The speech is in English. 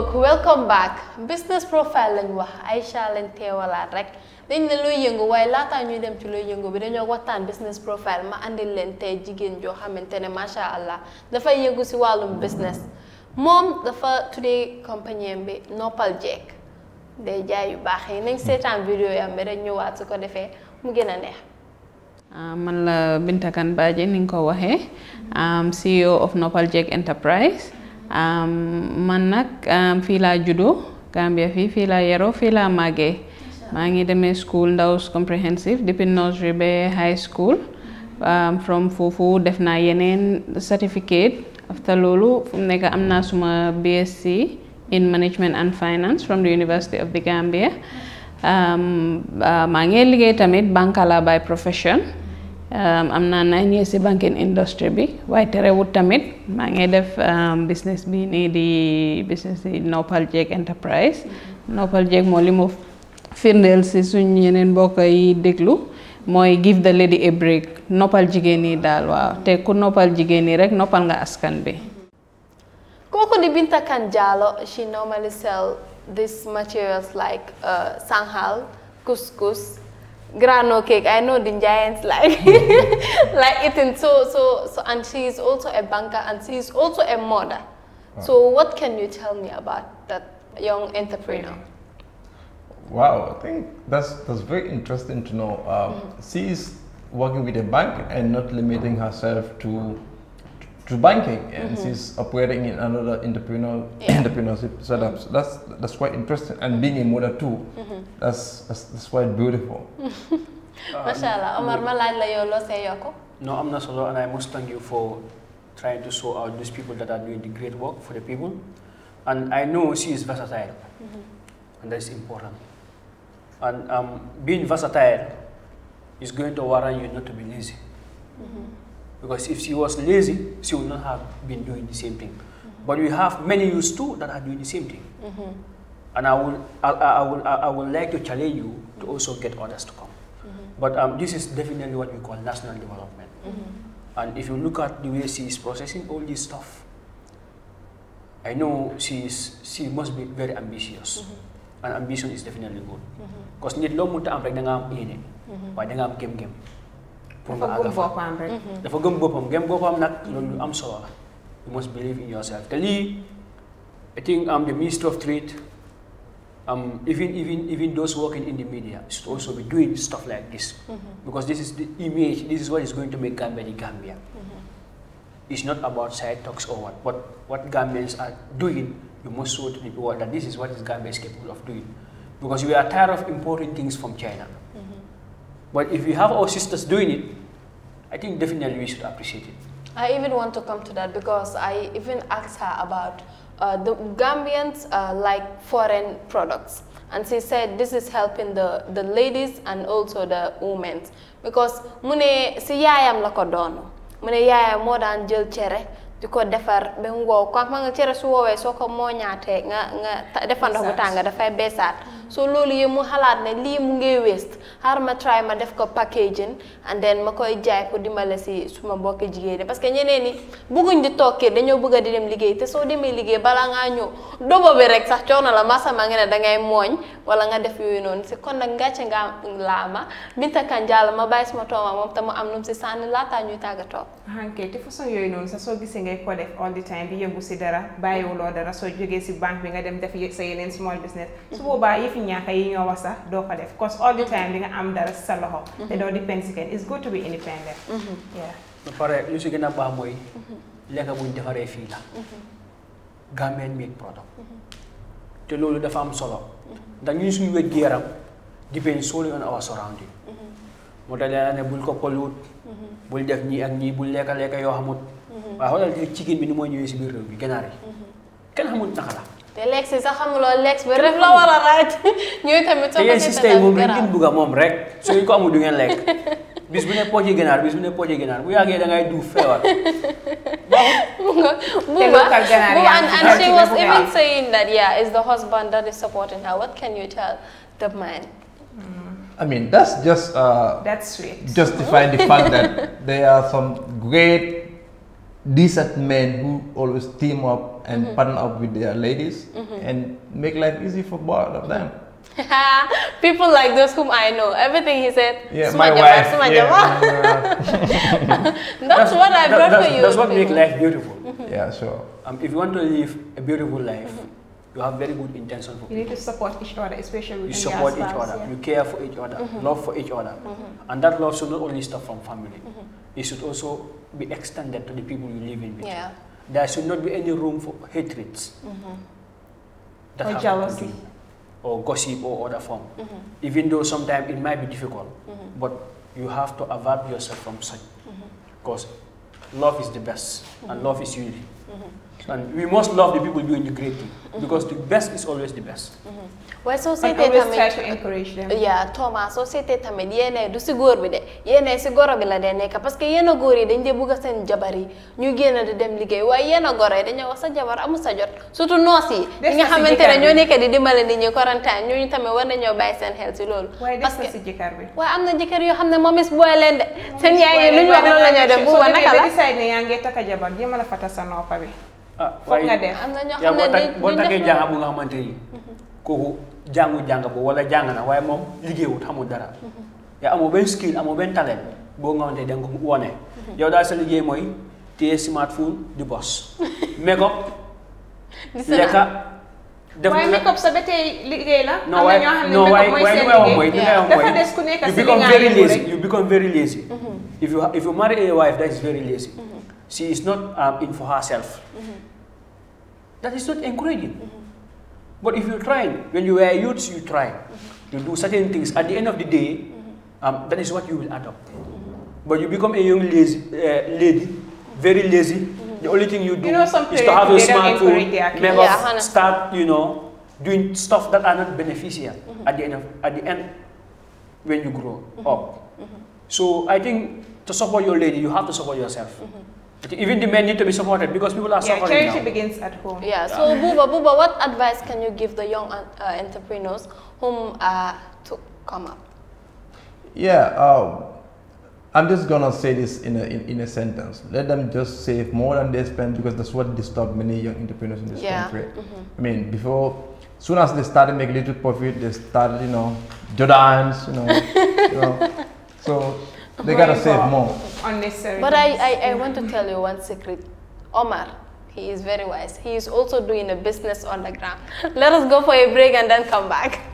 ngoog welcome back business profile lañu wax Aïcha leen teewalaat rek dañ ne luy yëngu waaye laataa ñuy dem ci luy yëngu bi dañoo waxtaan business profile ma andil leen tey jigéen joo xamante ne macha allah dafay yëngu si wàllum business moom dafa tuddee compagnie bi noppal jeek day jaay yu baax yi nañ seetaan vidéo yam bi rek ñëwaat su ko defee mu gën a neex. Ah, man la Binta Kane Badjie ni nga ko waxee mm-hmm. CEO of Noppal Jeek Enterprise. man nag fi la judo Gambia fi fi la yero fi la màggee ma ngi demee school Ndaws comprehensive depuis nursery ba high school from Fufu def na yenen certificate after lolu fum mu amna suma BSc in management and finance from the University of the Gambia ah, ma ngi liggéey tamit bankala by profession am um, naa nine years banking industry bi waaye wut tamit ma ngi def um, business bi ni di business di Nopal Jegg Enterprise mm-hmm. Nopal Jegg mo limu firndel ci si suñ yeneen mbokk yi déglu give the lady a break Nopal jigen ni dal waaw te ku nopal jigen ni rek nopal nga askan bi Koko di Binta kan jalo she normally sell this materials like uh, sanghal couscous grano cake. I know the giants like like eating. So so so, and she is also a banker and she is also a mother. Ah. Wow. So what can you tell me about that young entrepreneur? Wow, I think that's that's very interesting to know. Um, mm. She is working with a bank and not limiting herself to to banking and mm-hmm. she's operating in another entrepreneurial yeah. entrepreneurship setup. So that's that's quite interesting. And being a mother too, mm-hmm. that's, that's that's quite beautiful. Mashallah, Omar, um, ma laaj la yow am solo, and I must thank you for trying to show out these people that are doing the great work for the people. And I know she is versatile, mm-hmm. and that is important. And um, being versatile is going to warrant you not to be lazy. Because if she was lazy, she would not have been doing the same thing. Mm -hmm. But we have many youths too that are doing the same thing. Mm -hmm. And I would, I, I, would, I would like to challenge you to mm-hmm. also get others to come. Mm -hmm. But um, this is definitely what we call national development. Mm-hmm. And if you look at the way she is processing all this stuff, I know she, is, she must be very ambitious. Mm-hmm. And ambition is definitely good. Because mm-hmm. nit lo munta am rek da pour nga àgg am you must believe in yourself te I think am the minister of trade um, even even even those working in the media should also be doing stuff like this mm -hmm. because this is the image this is what is going to make Gambia the Gambia mm -hmm. it's not about side talks or what but what Gambians are doing you must show to the world that this is what is Gambia is capable of doing because we are tired of importing things from China but if we have our sisters doing it, I think definitely we should appreciate it. I even want to come to that because I even asked her about uh, the Gambians uh, like foreign products. And she said this is helping the, the ladies and also the women. Because mune si yaayam la ko doon. Mune yaayam moo daan jël cere di defar ba mu wow. Kon ma nga cere su woowee nga nga defar bu tàng so loolu yëpp mu xalaat ne li mu ngey waste har ma try ma def ko packaging and then ma koy jaay pour dimbale si suma mbokki jigéen parce que ñeneen ñi bëgguñ di toké kër dañoo bëgg di dem liggéey té so démé liggéey bala nga ñu dobo bi rek sax coono la masama nga ne da ngay moñ wala nga def yooyu noonu si kon nak ngàcce nga laama Binta Kanjaala ma bay suma toma mom te mu am num sann la ta ñuy tàggatoo. hanké té façon yoy noonu sa so gisé ngay ko def all the time bi yëngu ci dara lo dara so jógee si bank bi nga dem def sa yenen small business su boba yi ñaaka yi ñoo wax sax doo ko def cause all the time di nga am dara sa loxo mm-hmm. te doo depend si kenn it's good to be independent mm-hmm. yeah ba pare mm-hmm. lu si gën a baax mooy lekka buñ defaree fii la gambien meat product te loolu dafa am solo ndax ñun suñu wér gi yaram depend solely on our surrounding moo tax la ne ko pollute bul def ñii ak ñii bul lekka lekka yoo xamut waaye xoolal ci chicken bi ni moo ñëwee si biir réew bi ganaar yi kenn xamut naka te lex yi sax law lex ba rek la war a raaj ñooy tamit. soo ko si système moom li ngeen bugg a moom rek su ñu ko amul du ngeen lekk bis bu ne We ginaar bis bu ne pooje ginaar bu yàggee da ngay duuf feebar. mu and and she was even saying that yeah it's the husband that is supporting her what can you tell the man. I mean that's just. Uh, that's sweet. justifying the fact that there are some great decent men who always team up and mm-hmm. partner up with their ladies mm-hmm. and make life easy for both of them. People like those whom I know. Everything he said. Yeah, my wife. Yeah, that's, that's, what I brought that, for you. That's what makes life beautiful. Mm-hmm. Yeah, sure. Um, if you want to live a beautiful life, mm-hmm you have very good intention for you people. You need to support each other, especially with You support each other, yeah. you care for each other, mm -hmm. love for each other. Mm -hmm. And that love should not only start from family, mm -hmm. it should also be extended to the people you live in with. Yeah. There should not be any room for hatreds mm-hmm. or jealousy. Or gossip or other form. Mm-hmm. Even though sometimes it might be difficult, mm-hmm. but you have to avert yourself from such. Because love is the best, and mm-hmm. love is unity. Mm-hmm. And we must love the people doing the great thing because the best is always the best. Mm-hmm. waaye soo seetee tamit try to encourage them. yeah Thomas soo seetee tamit yéenay du si góor bi ya de yéenay si goro bi la dee nekk parce que yéen a góor yi dañ dee bugg seen jabar dem liggéey waaye yéen a goro yi dañoo wax sa jabar amul sa jot surtout noos yi. des nga ne ñoo nekk di dimbale nit ñi quarantaine ñooñu tamit war nañoo bàyyi seen xel si loolu. parce que waaye des na si jëkkër am na jëkkër yoo xam ne moom is de. seen yaay yi decide ne yaa ngi takka jabar jéem a la fata sa noppa bi. ah foog nga def na ñoo boo takkee jàng bu nga xamante ni kooku jàngu jàng ko wala jàng na waaye moom liggéey liggéeyut xamul dara. Mhm. yaa amoo benn skill amoo benn talent boo nga xamante da nga ko wone. Mhm. yow daal sa liggéey mooy téye smartphone di bos. make up. lekka def waaye make la. am na ñoo xam ne mooy dafa des ku nekk si li nga you become very lazy mhm. If you, if you marry a wife that is very lazy, mm -hmm. she is not um, in for herself. Mm -hmm. That is not encouraging. Mm -hmm. But if you try, when you were youth, you try. Mm-hmm. You do certain things. At the end of the day, mm-hmm. um, that is what you will adopt. Mm-hmm. But you become a young lazy, uh, lady, very lazy. The only thing you do you know, is to have a smartphone, make yeah, start, you know, doing stuff that are not beneficial at the end of, at the end when you grow up. So I think to support your lady, you have to support yourself. Mm -hmm. Even the men need to be supported because people are yeah, suffering charity now. begins at home. Yeah. So yeah. Buba, Buba, what advice can you give the young uh, uh, entrepreneurs whom are to come up? Yeah. Um, I'm just gonna say this in a in, in, a sentence. Let them just save more than they spend because that's what disturbed many young entrepreneurs in this yeah. country. Mm -hmm. I mean, before, soon as they started making little profit, they started, you know, Jordans, you know, you know so they gotta save more. Unnecessary. But I, I, I want to tell you one secret. Omar, he is very wise. He is also doing a business on the ground. Let us go for a break and then come back.